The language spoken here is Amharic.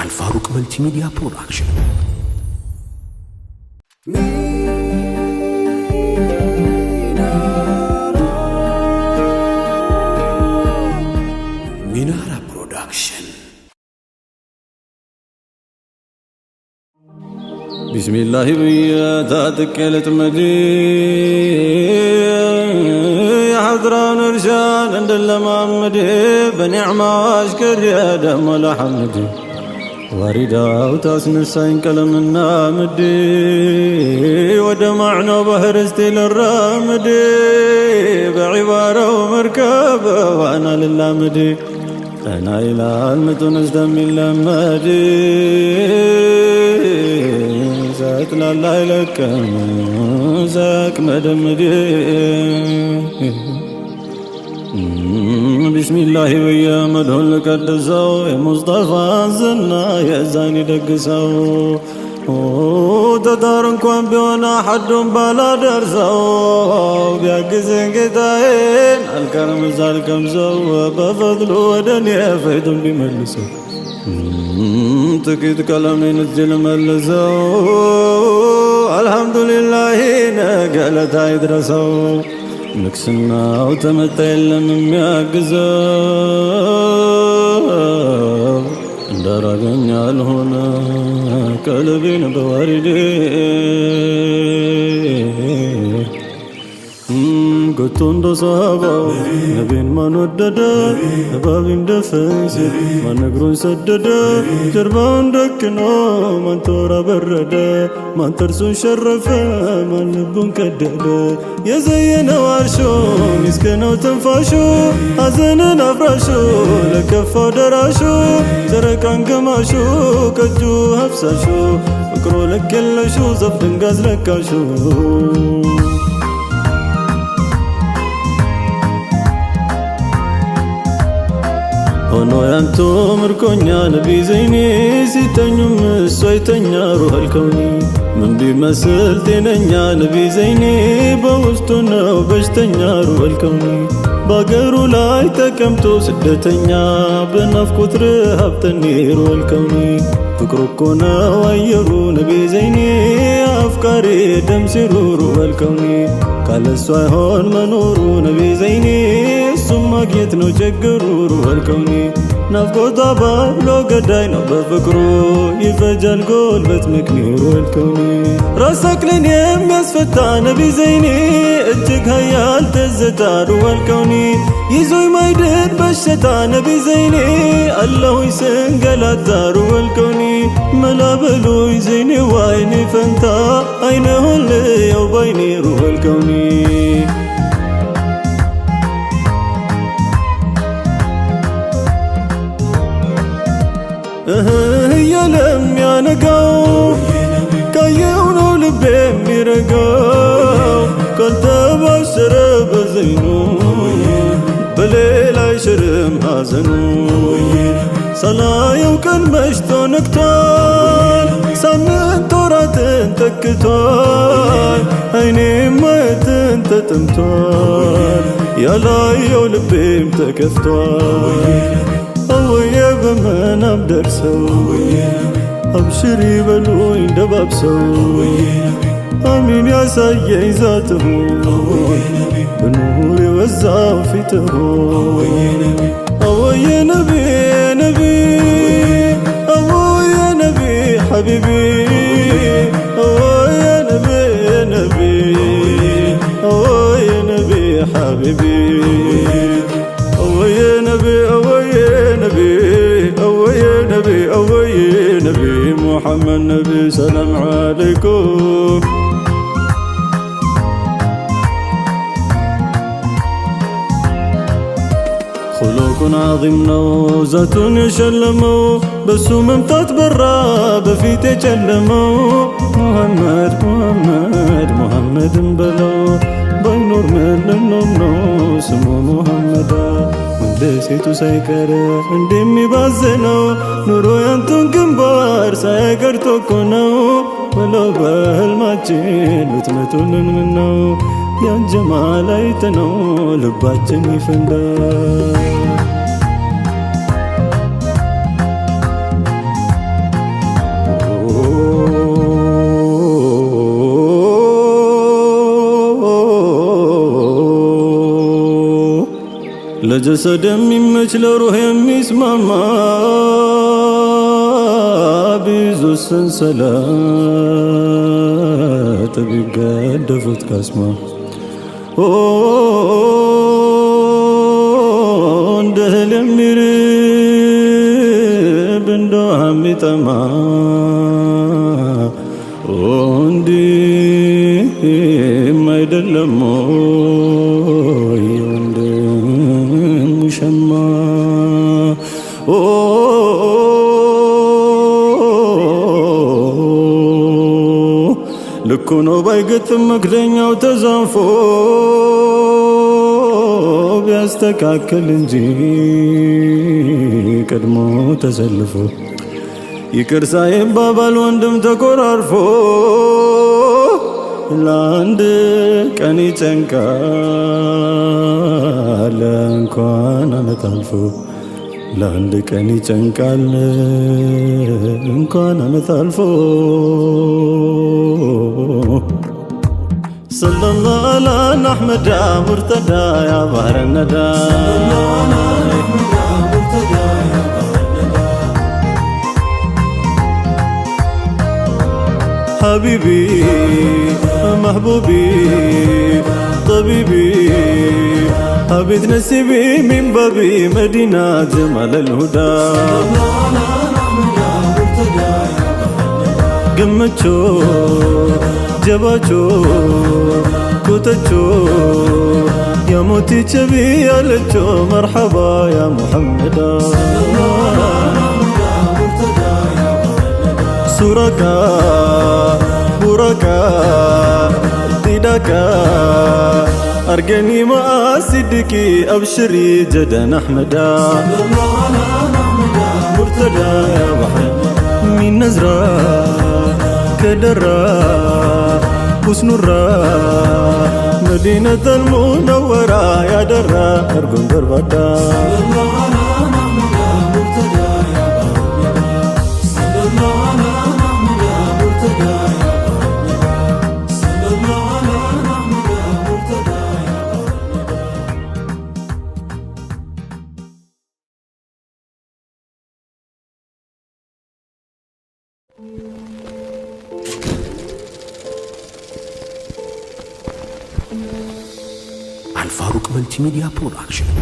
አልፋሩቅ መልቲሚዲያ ፕሮዳክሽን ሚናራ ፕሮዳክሽን ቢስሚላህ ብዬ ታጥቄ ልጥመድ عذرا رجال عند لما بنعمة أشكر يا دم لحمدي وريدا وتاسنسين كلمنا مدي ودمعنا بهرستي استيل بعبارة ومركبة وأنا للامدي أنا إلى المتونس دمي لمدي زاتنا الله لك زاك مدمدي ቢስሚላሂ ብዬ መድሁ ልቀድሰው የሙስጠፋን ዝና የዛን ይደግሰው ተዳር እንኳን ቢሆን ሐዱን ባላደርሰው ቢያግዘን ጌታዬን አልቀርም ሳልቀምሰው በፈድሉ ወደ እኔ ቢመልሰው ጥቂት ቀለሜን እዚህ ልመልሰው አልሐምዱሊላሂ ነገ ለታ ይድረሰው ልክስናው ተመጣ የለም የሚያግዘው እንዳራገኛል ልሆነ ቀልቤን በዋሪዴ ቶንዶ ሳባው ነቢን ማን ወደደ እባብ እንደፈንሴ ማን እግሩን ሰደደ ጀርባውን ደክኖ ማን በረደ ማንተርሱን ማን ተርሱን ሸረፈ ማን ልቡን ቀደደ የዘየነው አርሾ ሚስከነው ትንፋሾ ሐዘንን አፍራሾ ለከፋው ደራሾ ጨረቃን ገማሾ ከእጁ ሀብሳሾ ፍቅሮ ለክ የለሹ ዘፍድንጋዝ ለካሹ ሆኖ ያንቶ ምርኮኛ ነቢዘይኔ ሲተኙም እሷ ይተኛ ሩሃል ከውኒ ምን ቢመስል ጤነኛ ዘይኔ በውስጡ ነው በሽተኛ ሩሃል ከውኒ በአገሩ ላይ ተቀምጦ ስደተኛ በናፍቆት ረሃብ ተኔሩ አልከውኒ ፍቅሩ እኮ ነው አየሩ ነቢ ዘይኔ አፍቃሪ ደም ሲሩሩ አልከውኒ ካለሷ አይሆን መኖሩ ነቢ ዘይኔ እሱም ማግኘት ነው ችግሩ ሩህል ከውኒ ናፍቆት አባብሎ ገዳይ ነው በፍቅሩ ይፈጃል ጎልበት ምክንያት ሩህል ከውኒ ራሳክልን የሚያስፈታ ነቢ ዘይኒ እጅግ ሀያል ትዝታ ሩህል ከውኒ ይዞይ ማይድን በሸታ ነቢ ዘይኒ አላሁኝ ስንገላታ ሩህል ከውኒ መላበሉኝ ዘይኒ ዋይኒ ፈንታ አይነሁል የው ባይኒ ሩህል ከውኒ እያለ የሚያነጋው ካየው ነው ልቤ የሚረጋው ካልተባሰረ በዘይኑ በሌላ አይሽርም ሐዘኑ ሳላየው ቀን መሽቶ ነግቷል። ሳምንት ወራትን ተክቷል። አይኔ ማየትን ተጠምቷል። ያላየው ልቤም ተከፍቷል። ዘመናም ደርሰው አብሽሪ በሉኝ ደባብሰው አሚን ያሳየኝ ዛትሁ በኑር የበዛው ፊትሁ አወየ ነቤ محمد النبي سلام عليكم خلوق عظيم نوزة يشلمو بس ممتد بالراب في تجلمو محمد محمد محمد بلو بنور من النوم سمو محمد محمد ደሴቱ ሳይቀር እንደሚባዘነው ኑሮ ያንቱን ግንባር ሳይቀርቶ እኮ ነው ብለው በህልማችን ብትመቱልን ምነው ያን ጀማል አይተነው ልባችን ይፈንዳል። ለጀሰድ የሚመች ለሩህ የሚስማማ ብዙ ሰንሰለት ቢገደፉት ካስማ እንደ እህል የሚርብ እንደ ውሃ የሚጠማ እንዲህ አይደለም ልኩ ነው ባይገጥም መክደኛው ተዛንፎ ቢያስተካከል እንጂ ቀድሞ ተሰልፎ ይቅርሳ የባባል ወንድም ተቆራርፎ ለአንድ ቀን ይጨንቃል እንኳን አመት አልፎ ለአንድ ቀን ይጨንቃል እንኳን አመት አልፎ sallallahu ahmada murtada ya baranada حبيبي محبوبي طبيبي حبيت نسيبي من بابي مدينة جمال الهدى ግምቹ ጀባቹ ኩተቹ የሞቲ ጨቢ ያለቹ መርሐባ ያ ሙሐመዳ ሱራካ ቡራካ ዲዳካ أرجني ما أصدقك أبشري جدا أحمدا مرتدى يا وحيد من نزرة ከደራ ሁስኑራ መዲነተል ያደራ እርጎን አልፋሩቅ መልቲሚዲያ ፕሮዳክሽን